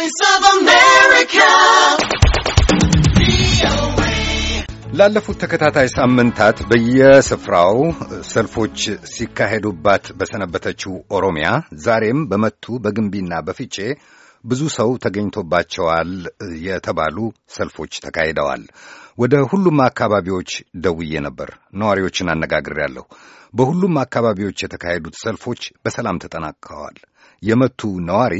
Voice of America. ላለፉት ተከታታይ ሳምንታት በየስፍራው ሰልፎች ሲካሄዱባት በሰነበተችው ኦሮሚያ ዛሬም በመቱ በግንቢና በፍቼ ብዙ ሰው ተገኝቶባቸዋል የተባሉ ሰልፎች ተካሂደዋል። ወደ ሁሉም አካባቢዎች ደውዬ ነበር። ነዋሪዎችን አነጋግሬያለሁ። በሁሉም አካባቢዎች የተካሄዱት ሰልፎች በሰላም ተጠናቀዋል። የመቱ ነዋሪ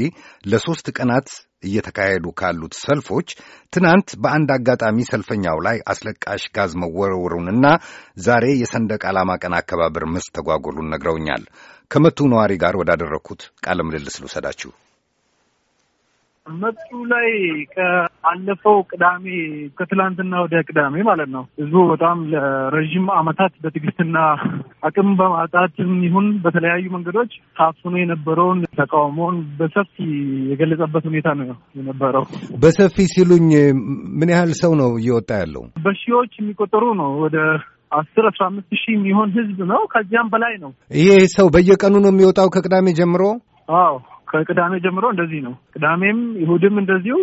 ለሦስት ቀናት እየተካሄዱ ካሉት ሰልፎች ትናንት በአንድ አጋጣሚ ሰልፈኛው ላይ አስለቃሽ ጋዝ መወረውሩንና ዛሬ የሰንደቅ ዓላማ ቀን አከባበር መስተጓጎሉን ነግረውኛል። ከመቱ ነዋሪ ጋር ወዳደረግኩት ቃለ ምልልስ ልውሰዳችሁ። መጡ ላይ ከአለፈው ቅዳሜ ከትላንትና ወደ ቅዳሜ ማለት ነው። ህዝቡ በጣም ለረዥም ዓመታት በትዕግስትና አቅም በማጣትም ይሁን በተለያዩ መንገዶች ታፍኖ የነበረውን ተቃውሞውን በሰፊ የገለጸበት ሁኔታ ነው የነበረው። በሰፊ ሲሉኝ ምን ያህል ሰው ነው እየወጣ ያለው? በሺዎች የሚቆጠሩ ነው ወደ አስር አስራ አምስት ሺህ የሚሆን ህዝብ ነው። ከዚያም በላይ ነው። ይሄ ሰው በየቀኑ ነው የሚወጣው ከቅዳሜ ጀምሮ? አዎ ከቅዳሜ ጀምሮ እንደዚህ ነው። ቅዳሜም ይሁድም እንደዚሁ።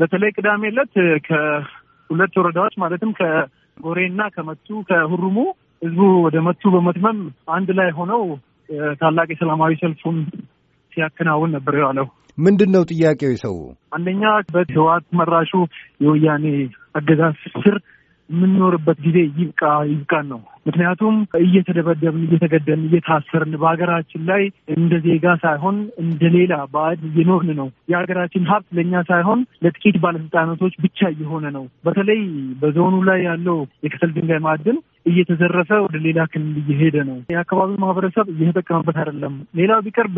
በተለይ ቅዳሜ ዕለት ከሁለት ወረዳዎች ማለትም ከጎሬና ከመቱ ከሁሩሙ ህዝቡ ወደ መቱ በመትመም አንድ ላይ ሆነው ታላቅ የሰላማዊ ሰልፉን ሲያከናውን ነበር የዋለው። ምንድን ነው ጥያቄው? የሰው አንደኛ በህወሓት መራሹ የወያኔ አገዛዝ ስር የምንኖርበት ጊዜ ይብቃ ይብቃን ነው። ምክንያቱም እየተደበደብን፣ እየተገደልን፣ እየታሰርን በሀገራችን ላይ እንደ ዜጋ ሳይሆን እንደ ሌላ ባዕድ እየኖርን ነው። የሀገራችን ሀብት ለእኛ ሳይሆን ለጥቂት ባለስልጣናቶች ብቻ እየሆነ ነው። በተለይ በዞኑ ላይ ያለው የከሰል ድንጋይ ማዕድን እየተዘረፈ ወደ ሌላ ክልል እየሄደ ነው። የአካባቢው ማህበረሰብ እየተጠቀመበት አይደለም። ሌላው ቢቀር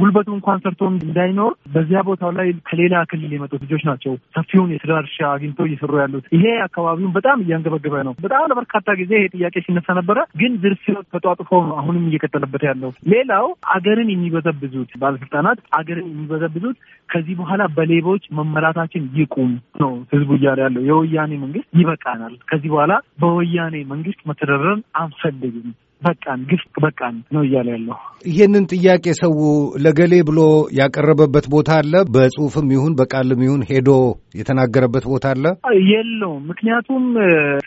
ጉልበቱ እንኳን ሰርቶ እንዳይኖር በዚያ ቦታው ላይ ከሌላ ክልል የመጡት ልጆች ናቸው ሰፊውን የስራ እርሻ አግኝቶ እየሰሩ ያሉት። ይሄ አካባቢውን በጣም እያንገበገበ ነው። በጣም ለበርካታ ጊዜ ይሄ ጥያቄ ሲነሳ ነበረ፣ ግን ዝርፊያው ተጧጥፎ ነው አሁንም እየቀጠለበት ያለው። ሌላው አገርን የሚበዘብዙት ባለስልጣናት አገርን የሚበዘብዙት ከዚህ በኋላ በሌቦች መመራታችን ይቁም ነው ህዝቡ እያለ ያለው። የወያኔ መንግስት ይበቃናል፣ ከዚህ በኋላ በወያኔ መንግስት መተዳደርን አንፈልግም በቃን ግፍ በቃን ነው እያለ ያለው። ይህንን ጥያቄ ሰው ለገሌ ብሎ ያቀረበበት ቦታ አለ? በጽሁፍም ይሁን በቃልም ይሁን ሄዶ የተናገረበት ቦታ አለ? የለውም። ምክንያቱም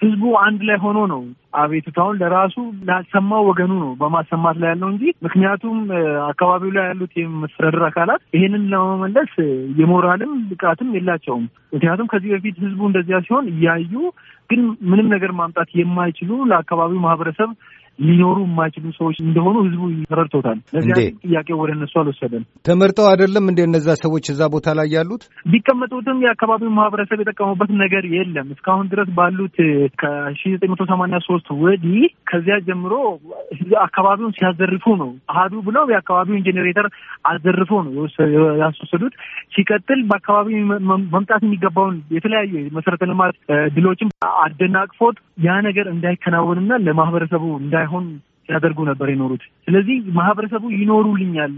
ህዝቡ አንድ ላይ ሆኖ ነው አቤቱታውን ለራሱ ላልሰማው ወገኑ ነው በማሰማት ላይ ያለው እንጂ ምክንያቱም አካባቢው ላይ ያሉት የመስተዳድር አካላት ይህንን ለመመለስ የሞራልም ብቃትም የላቸውም። ምክንያቱም ከዚህ በፊት ህዝቡ እንደዚያ ሲሆን እያዩ ግን ምንም ነገር ማምጣት የማይችሉ ለአካባቢው ማህበረሰብ ሊኖሩ የማይችሉ ሰዎች እንደሆኑ ህዝቡ ተረድቶታል። ለዚያ ጥያቄ ወደ እነሱ አልወሰደም። ተመርጠው አይደለም እንደ እነዛ ሰዎች እዛ ቦታ ላይ ያሉት ቢቀመጡትም የአካባቢው ማህበረሰብ የጠቀሙበት ነገር የለም። እስካሁን ድረስ ባሉት ከሺ ዘጠኝ መቶ ሰማንያ ሶስት ወዲህ ከዚያ ጀምሮ አካባቢውን ሲያዘርፉ ነው። አህዱ ብለው የአካባቢውን ጄኔሬተር አዘርፎ ነው ያስወሰዱት። ሲቀጥል በአካባቢ መምጣት የሚገባውን የተለያዩ መሰረተ ልማት ድሎችም አደናቅፎት ያ ነገር እንዳይከናወንና ለማህበረሰቡ እንዳ ሳይሆን ሲያደርጉ ነበር የኖሩት። ስለዚህ ማህበረሰቡ ይኖሩልኛል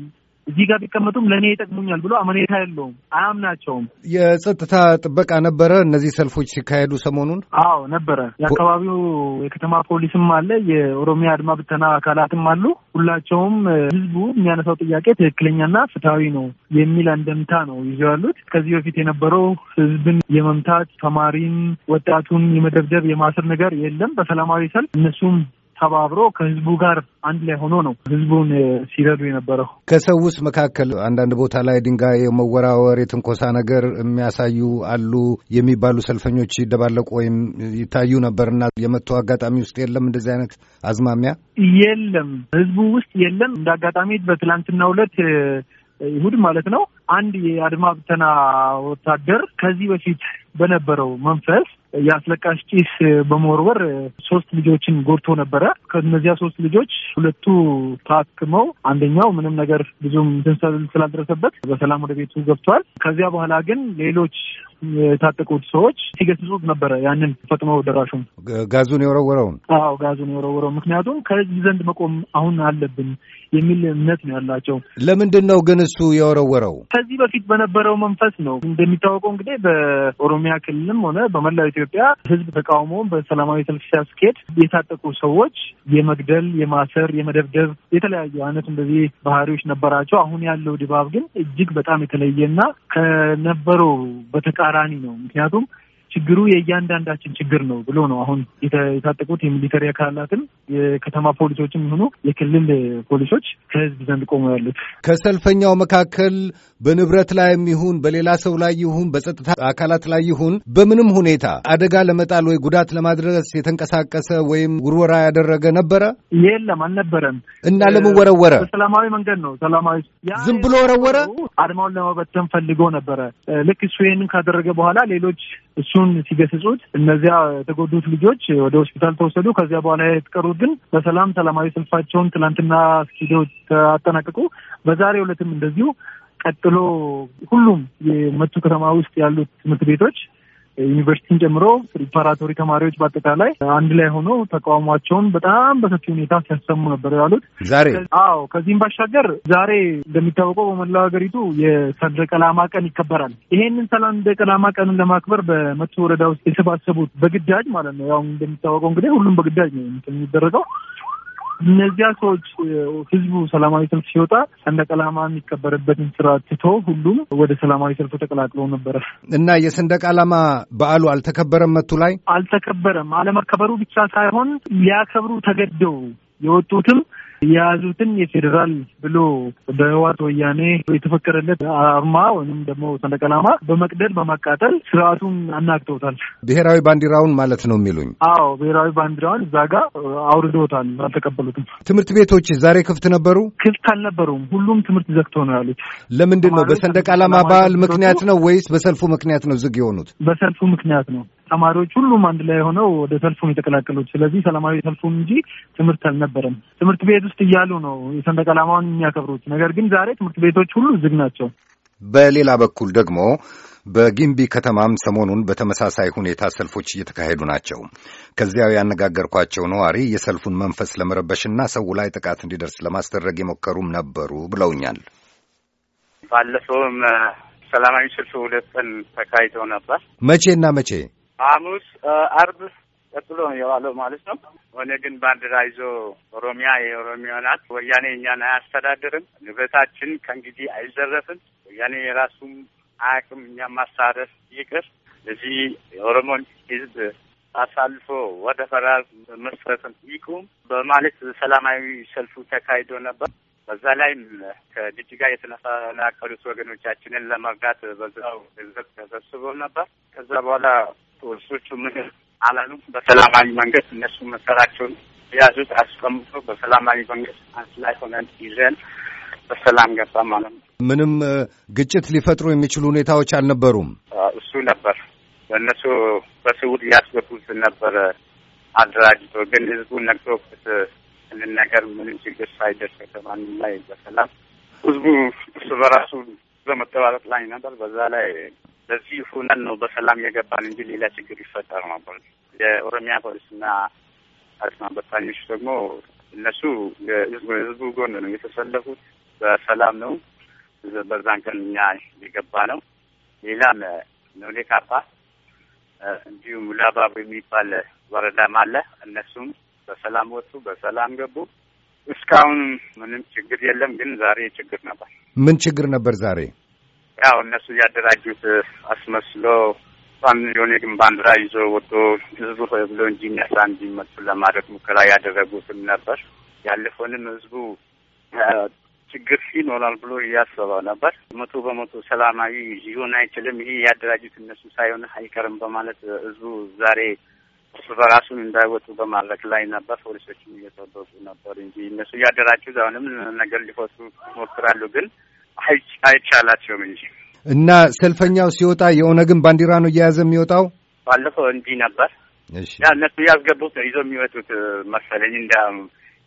እዚህ ጋር ቢቀመጡም ለእኔ ይጠቅሙኛል ብሎ አመኔታ የለውም፣ አያምናቸውም። የጸጥታ ጥበቃ ነበረ እነዚህ ሰልፎች ሲካሄዱ ሰሞኑን? አዎ ነበረ። የአካባቢው የከተማ ፖሊስም አለ፣ የኦሮሚያ አድማ ብተና አካላትም አሉ። ሁላቸውም ህዝቡ የሚያነሳው ጥያቄ ትክክለኛና ፍትሐዊ ነው የሚል አንደምታ ነው ይዘው ያሉት። ከዚህ በፊት የነበረው ህዝብን የመምታት ተማሪን፣ ወጣቱን የመደብደብ የማስር ነገር የለም። በሰላማዊ ሰልፍ እነሱም ተባብሮ ከህዝቡ ጋር አንድ ላይ ሆኖ ነው ህዝቡን ሲረዱ የነበረው። ከሰው ውስጥ መካከል አንዳንድ ቦታ ላይ ድንጋይ የመወራወር የትንኮሳ ነገር የሚያሳዩ አሉ የሚባሉ ሰልፈኞች ይደባለቁ ወይም ይታዩ ነበርና የመቶ አጋጣሚ ውስጥ የለም እንደዚህ አይነት አዝማሚያ የለም፣ ህዝቡ ውስጥ የለም። እንደ አጋጣሚ በትላንትናው ዕለት ይሁድ ማለት ነው አንድ የአድማ ብተና ወታደር ከዚህ በፊት በነበረው መንፈስ የአስለቃሽ ጭስ በመወርወር ሶስት ልጆችን ጎድቶ ነበረ። ከነዚያ ሶስት ልጆች ሁለቱ ታክመው፣ አንደኛው ምንም ነገር ብዙም ትንሰል ስላልደረሰበት በሰላም ወደ ቤቱ ገብቷል። ከዚያ በኋላ ግን ሌሎች የታጠቁት ሰዎች ሲገስጹት ነበረ። ያንን ፈጥመው ደራሹም ጋዙን የወረወረውን አዎ፣ ጋዙን የወረወረው ምክንያቱም ከህዝብ ዘንድ መቆም አሁን አለብን የሚል እምነት ነው ያላቸው። ለምንድን ነው ግን እሱ የወረወረው? ከዚህ በፊት በነበረው መንፈስ ነው። እንደሚታወቀው እንግዲህ በኦሮሚያ ክልልም ሆነ በመላው በኢትዮጵያ ህዝብ ተቃውሞውን በሰላማዊ ሰልፍ ሲያስኬድ የታጠቁ ሰዎች የመግደል፣ የማሰር፣ የመደብደብ የተለያዩ አይነት እንደዚህ ባህሪዎች ነበራቸው። አሁን ያለው ድባብ ግን እጅግ በጣም የተለየና ከነበረው በተቃራኒ ነው። ምክንያቱም ችግሩ የእያንዳንዳችን ችግር ነው ብሎ ነው አሁን የታጠቁት የሚሊተሪ አካላትን የከተማ ፖሊሶችም ሆኑ የክልል ፖሊሶች ከህዝብ ዘንድ ቆመው ያሉት። ከሰልፈኛው መካከል በንብረት ላይም ይሁን በሌላ ሰው ላይ ይሁን በጸጥታ አካላት ላይ ይሁን በምንም ሁኔታ አደጋ ለመጣል ወይ ጉዳት ለማድረስ የተንቀሳቀሰ ወይም ውርወራ ያደረገ ነበረ? የለም፣ አልነበረም። እና ለምን ወረወረ? በሰላማዊ መንገድ ነው። ሰላማዊ ዝም ብሎ ወረወረ። አድማውን ለመበተን ፈልጎ ነበረ። ልክ እሱ ይህንን ካደረገ በኋላ ሌሎች እሱን ሲገስጹት እነዚያ የተጎዱት ልጆች ወደ ሆስፒታል ተወሰዱ። ከዚያ በኋላ የተቀሩት ግን በሰላም ሰላማዊ ሰልፋቸውን ትናንትና ስኪዶ አጠናቀቁ። በዛሬ ዕለትም እንደዚሁ ቀጥሎ ሁሉም የመቱ ከተማ ውስጥ ያሉት ትምህርት ቤቶች ዩኒቨርሲቲን ጨምሮ ፕሪፓራቶሪ ተማሪዎች በአጠቃላይ አንድ ላይ ሆኖ ተቃውሟቸውን በጣም በሰፊ ሁኔታ ሲያሰሙ ነበር ያሉት ዛሬ። አዎ ከዚህም ባሻገር ዛሬ እንደሚታወቀው በመላው ሀገሪቱ የሰንደቅ ዓላማ ቀን ይከበራል። ይሄንን ሰንደቅ ዓላማ ቀንን ለማክበር በመቱ ወረዳ ውስጥ የሰባሰቡት በግዳጅ ማለት ነው። ያው እንደሚታወቀው እንግዲህ ሁሉም በግዳጅ ነው የሚደረገው እነዚያ ሰዎች ህዝቡ ሰላማዊ ሰልፍ ሲወጣ ሰንደቅ ዓላማ የሚከበርበትን ስራ ትቶ ሁሉም ወደ ሰላማዊ ሰልፉ ተቀላቅሎ ነበረ እና የሰንደቅ ዓላማ በዓሉ አልተከበረም። መቱ ላይ አልተከበረም። አለመከበሩ ብቻ ሳይሆን ሊያከብሩ ተገደው የወጡትም የያዙትን የፌዴራል ብሎ በህዋት ወያኔ የተፈከረለት አርማ ወይም ደግሞ ሰንደቅ ዓላማ በመቅደል በማቃጠል ስርዓቱን አናግተውታል። ብሔራዊ ባንዲራውን ማለት ነው የሚሉኝ? አዎ ብሔራዊ ባንዲራውን እዛ ጋር አውርዶታል፣ አልተቀበሉትም። ትምህርት ቤቶች ዛሬ ክፍት ነበሩ? ክፍት አልነበሩም። ሁሉም ትምህርት ዘግቶ ነው ያሉት። ለምንድን ነው? በሰንደቅ ዓላማ በዓል ምክንያት ነው ወይስ በሰልፉ ምክንያት ነው ዝግ የሆኑት? በሰልፉ ምክንያት ነው። ተማሪዎች ሁሉም አንድ ላይ ሆነው ወደ ሰልፉን የተቀላቀሉት። ስለዚህ ሰላማዊ ሰልፉን እንጂ ትምህርት አልነበረም። ትምህርት ቤት ውስጥ እያሉ ነው የሰንደቅ ዓላማውን የሚያከብሩት። ነገር ግን ዛሬ ትምህርት ቤቶች ሁሉ ዝግ ናቸው። በሌላ በኩል ደግሞ በጊምቢ ከተማም ሰሞኑን በተመሳሳይ ሁኔታ ሰልፎች እየተካሄዱ ናቸው። ከዚያው ያነጋገርኳቸው ነዋሪ የሰልፉን መንፈስ ለመረበሽና ሰው ላይ ጥቃት እንዲደርስ ለማስደረግ የሞከሩም ነበሩ ብለውኛል። ባለፈውም ሰላማዊ ሰልፍ ሁለት ቀን ተካሂደው ነበር። መቼና መቼ ሐሙስ፣ አርብ ቀጥሎ የዋለው ማለት ነው። ሆነ ግን ባንዲራ ይዞ ኦሮሚያ የኦሮሚያ ናት፣ ወያኔ እኛን አያስተዳድርም፣ ንብረታችን ከእንግዲህ አይዘረፍም፣ ወያኔ የራሱም አያውቅም፣ እኛ ማሳረፍ ይቅር። ለዚህ የኦሮሞን ህዝብ አሳልፎ ወደ ፈራር መስረትም ይቁም በማለት ሰላማዊ ሰልፉ ተካሂዶ ነበር። በዛ ላይም ከጅጅጋ የተፈናቀሉት ወገኖቻችንን ለመርዳት በዛው ህዝብ ተሰብስቦ ነበር። ከዛ በኋላ ፖሊሶቹ ምን አላሉም። በሰላማዊ መንገድ እነሱ መሰራቸውን ያዙት አስቀምጦ በሰላማዊ መንገድ አንድ ላይ ሆነን ይዘን በሰላም ገባ ማለት ነው። ምንም ግጭት ሊፈጥሩ የሚችሉ ሁኔታዎች አልነበሩም። እሱ ነበር በእነሱ በስውር ያስገቡት ነበረ አደራጅቶ ግን ህዝቡ ነግሮበት ያንን ነገር ምንም ችግር ሳይደርስ በማንም ላይ በሰላም ህዝቡ እርስ በራሱ በመጠባበቅ ላይ ነበር። በዛ ላይ በዚህ ሁነን ነው በሰላም የገባን እንጂ ሌላ ችግር ይፈጠር ነበር። የኦሮሚያ ፖሊስና አድማ በታኞች ደግሞ እነሱ ህዝቡ ጎን ነው የተሰለፉት። በሰላም ነው በዛን ቀን እኛ የገባ ነው። ሌላም ኖሌ ካፓ እንዲሁም ላባብ የሚባል ወረዳም አለ። እነሱም በሰላም ወጡ፣ በሰላም ገቡ። እስካሁን ምንም ችግር የለም። ግን ዛሬ ችግር ነበር። ምን ችግር ነበር ዛሬ? ያው እነሱ ያደራጁት አስመስሎ እሷም የሆነ ግን ባንዲራ ይዞ ወጥቶ ህዝቡ ሆይ ብሎ እንጂ የሚያሳ እንዲመጡ ለማድረግ ሙከራ ያደረጉትም ነበር። ያለፈውንም ህዝቡ ችግር ይኖራል ብሎ እያሰበው ነበር። መቶ በመቶ ሰላማዊ ሊሆን አይችልም፣ ይሄ ያደራጁት እነሱ ሳይሆን አይቀርም በማለት ህዝቡ ዛሬ እርስ በራሱን እንዳይወጡ በማድረግ ላይ ነበር። ፖሊሶችም እየጠበቁ ነበር እንጂ እነሱ እያደራጁት አሁንም ነገር ሊፈቱ ሞክራሉ ግን አይቻላቸውም እንጂ እና ሰልፈኛው ሲወጣ የኦነግን ባንዲራ ነው እየያዘ የሚወጣው። ባለፈው እንዲህ ነበር። እነሱ ያስገቡት ይዞ የሚወጡት መሰለኝ። እንደ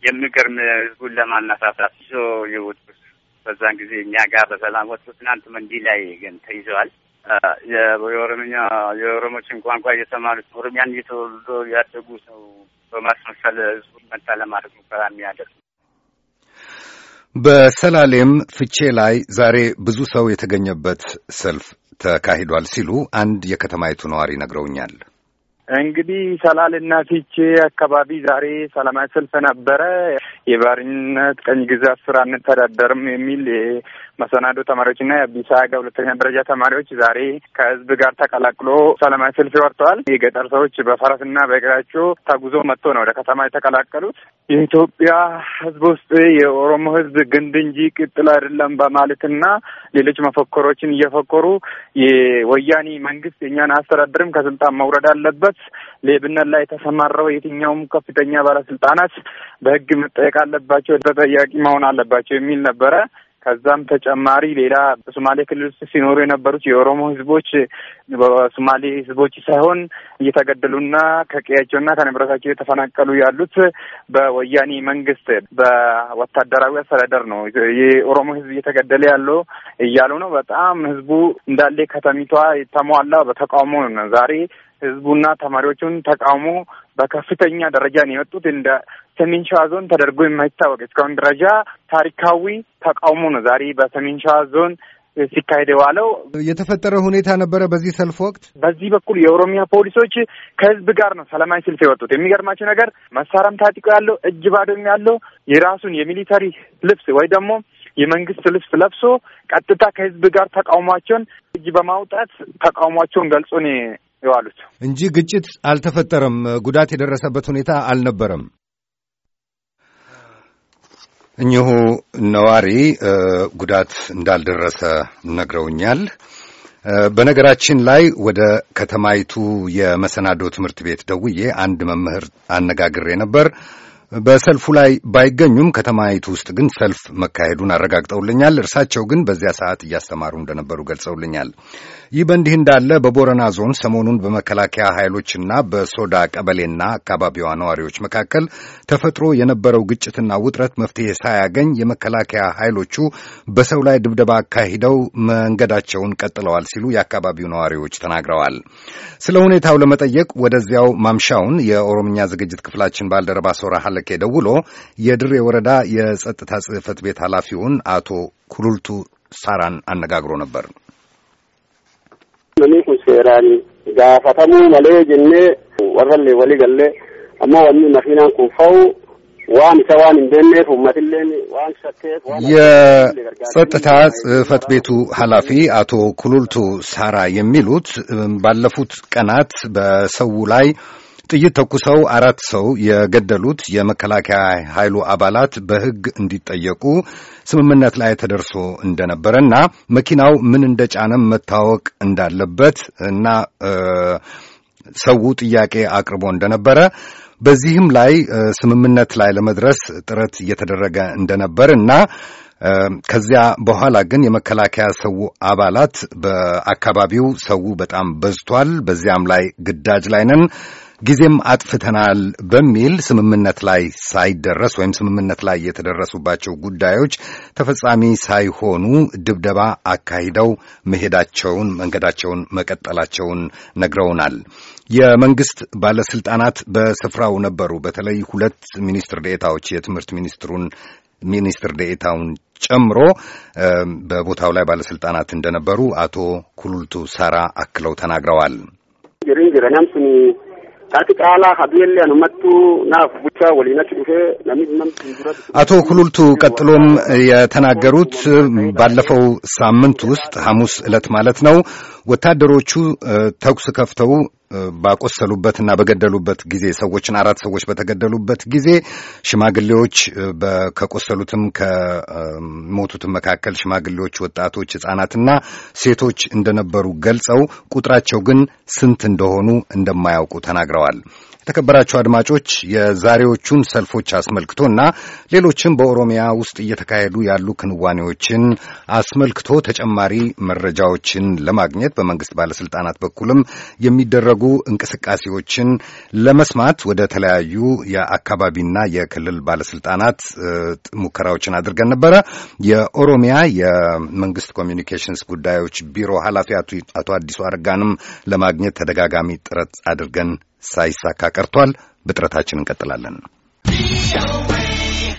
የሚገርም ህዝቡን ለማነሳሳት ይዞ የወጡት በዛን ጊዜ እኛ ጋር በሰላም ወጡ። ትናንት መንዲ ላይ ግን ተይዘዋል። የኦሮምኛ የኦሮሞችን ቋንቋ እየተማሩት ኦሮሚያን እየተወልዶ ያደጉ ሰው በማስመሰል ህዝቡን መታ ለማድረግ ሙከራ የሚያደርግ በሰላሌም ፍቼ ላይ ዛሬ ብዙ ሰው የተገኘበት ሰልፍ ተካሂዷል ሲሉ አንድ የከተማይቱ ነዋሪ ነግረውኛል። እንግዲህ ሰላሌና ፊቼ አካባቢ ዛሬ ሰላማዊ ሰልፍ ነበረ። የባርነት ቀኝ ግዛት ስራ አንተዳደርም የሚል መሰናዶ ተማሪዎችና የአዲስ አበባ ሁለተኛ ደረጃ ተማሪዎች ዛሬ ከህዝብ ጋር ተቀላቅሎ ሰላማዊ ሰልፍ ወጥተዋል። የገጠር ሰዎች በፈረስና በእግራቸው ተጉዞ መጥቶ ነው ወደ ከተማ የተቀላቀሉት። የኢትዮጵያ ህዝብ ውስጥ የኦሮሞ ህዝብ ግንድ እንጂ ቅጥል አይደለም በማለትና ሌሎች መፈክሮችን እየፈከሩ የወያኔ መንግስት የእኛን አስተዳደርም ከስልጣን መውረድ አለበት፣ ሌብነት ላይ የተሰማራው የትኛውም ከፍተኛ ባለስልጣናት በህግ መጠየቅ አለባቸው፣ ተጠያቂ መሆን አለባቸው የሚል ነበረ። ከዛም ተጨማሪ ሌላ በሶማሌ ክልል ውስጥ ሲኖሩ የነበሩት የኦሮሞ ህዝቦች በሶማሌ ህዝቦች ሳይሆን እየተገደሉና ከቀያቸውና ከንብረታቸው የተፈናቀሉ ያሉት በወያኔ መንግስት በወታደራዊ አስተዳደር ነው። የኦሮሞ ህዝብ እየተገደለ ያለው እያሉ ነው። በጣም ህዝቡ እንዳለ ከተሚቷ የተሟላ በተቃውሞ ነው ዛሬ ህዝቡና ተማሪዎቹን ተቃውሞ በከፍተኛ ደረጃ ነው የወጡት። እንደ ሰሜን ሸዋ ዞን ተደርጎ የማይታወቅ እስካሁን ደረጃ ታሪካዊ ተቃውሞ ነው ዛሬ በሰሜን ሸዋ ዞን ሲካሄድ የዋለው የተፈጠረ ሁኔታ ነበረ። በዚህ ሰልፍ ወቅት በዚህ በኩል የኦሮሚያ ፖሊሶች ከህዝብ ጋር ነው ሰላማዊ ሰልፍ የወጡት። የሚገርማቸው ነገር መሳሪያም ታጥቆ ያለው እጅ ባዶም ያለው የራሱን የሚሊተሪ ልብስ ወይ ደግሞ የመንግስት ልብስ ለብሶ ቀጥታ ከህዝብ ጋር ተቃውሟቸውን እጅ በማውጣት ተቃውሟቸውን ገልጾ የዋሉት እንጂ ግጭት አልተፈጠረም። ጉዳት የደረሰበት ሁኔታ አልነበረም። እኚሁ ነዋሪ ጉዳት እንዳልደረሰ ነግረውኛል። በነገራችን ላይ ወደ ከተማይቱ የመሰናዶ ትምህርት ቤት ደውዬ አንድ መምህር አነጋግሬ ነበር። በሰልፉ ላይ ባይገኙም ከተማይቱ ውስጥ ግን ሰልፍ መካሄዱን አረጋግጠውልኛል። እርሳቸው ግን በዚያ ሰዓት እያስተማሩ እንደነበሩ ገልጸውልኛል። ይህ በእንዲህ እንዳለ በቦረና ዞን ሰሞኑን በመከላከያ ኃይሎችና በሶዳ ቀበሌና አካባቢዋ ነዋሪዎች መካከል ተፈጥሮ የነበረው ግጭትና ውጥረት መፍትሄ ሳያገኝ የመከላከያ ኃይሎቹ በሰው ላይ ድብደባ አካሂደው መንገዳቸውን ቀጥለዋል ሲሉ የአካባቢው ነዋሪዎች ተናግረዋል። ስለ ሁኔታው ለመጠየቅ ወደዚያው ማምሻውን የኦሮምኛ ዝግጅት ክፍላችን ባልደረባ ሶራ ሀለኬ ደውሎ የድሬ ወረዳ የጸጥታ ጽሕፈት ቤት ኃላፊውን አቶ ኩሉልቱ ሳራን አነጋግሮ ነበር። namni kun seeraan gaafatamuu malee jennee warrallee walii gallee amma wanni makiinaan kun fa'u waan isa waan hin beekneef ummatilleen waan shakkeef የጸጥታ ጽህፈት ቤቱ ኃላፊ አቶ ኩሉልቱ ሳራ የሚሉት ባለፉት ቀናት በሰው ላይ ጥይት ተኩሰው አራት ሰው የገደሉት የመከላከያ ኃይሉ አባላት በሕግ እንዲጠየቁ ስምምነት ላይ ተደርሶ እንደነበረና መኪናው ምን እንደጫነም መታወቅ እንዳለበት እና ሰው ጥያቄ አቅርቦ እንደነበረ በዚህም ላይ ስምምነት ላይ ለመድረስ ጥረት እየተደረገ እንደነበር እና ከዚያ በኋላ ግን የመከላከያ ሰው አባላት በአካባቢው ሰው በጣም በዝቷል፣ በዚያም ላይ ግዳጅ ላይ ነን ጊዜም አጥፍተናል በሚል ስምምነት ላይ ሳይደረስ ወይም ስምምነት ላይ የተደረሱባቸው ጉዳዮች ተፈጻሚ ሳይሆኑ ድብደባ አካሂደው መሄዳቸውን መንገዳቸውን መቀጠላቸውን ነግረውናል። የመንግስት ባለስልጣናት በስፍራው ነበሩ። በተለይ ሁለት ሚኒስትር ዴኤታዎች የትምህርት ሚኒስትሩን ሚኒስትር ዴኤታውን ጨምሮ በቦታው ላይ ባለስልጣናት እንደነበሩ አቶ ኩሉልቱ ሰራ አክለው ተናግረዋል። አቶ ኩሉልቱ ቀጥሎም የተናገሩት ባለፈው ሳምንት ውስጥ ሐሙስ ዕለት ማለት ነው ወታደሮቹ ተኩስ ከፍተው ባቆሰሉበት እና በገደሉበት ጊዜ ሰዎችን አራት ሰዎች በተገደሉበት ጊዜ ሽማግሌዎች ከቆሰሉትም ከሞቱትም መካከል ሽማግሌዎች፣ ወጣቶች፣ ህጻናትና ሴቶች እንደነበሩ ገልጸው ቁጥራቸው ግን ስንት እንደሆኑ እንደማያውቁ ተናግረዋል። የተከበራቸው አድማጮች የዛሬዎቹን ሰልፎች አስመልክቶና ሌሎችም በኦሮሚያ ውስጥ እየተካሄዱ ያሉ ክንዋኔዎችን አስመልክቶ ተጨማሪ መረጃዎችን ለማግኘት በመንግስት ባለስልጣናት በኩልም የሚደረጉ እንቅስቃሴዎችን ለመስማት ወደ ተለያዩ የአካባቢና የክልል ባለስልጣናት ሙከራዎችን አድርገን ነበረ። የኦሮሚያ የመንግስት ኮሚኒኬሽንስ ጉዳዮች ቢሮ ኃላፊ አቶ አዲሱ አረጋንም ለማግኘት ተደጋጋሚ ጥረት አድርገን ሳይሳካ ቀርቷል። በጥረታችን እንቀጥላለን።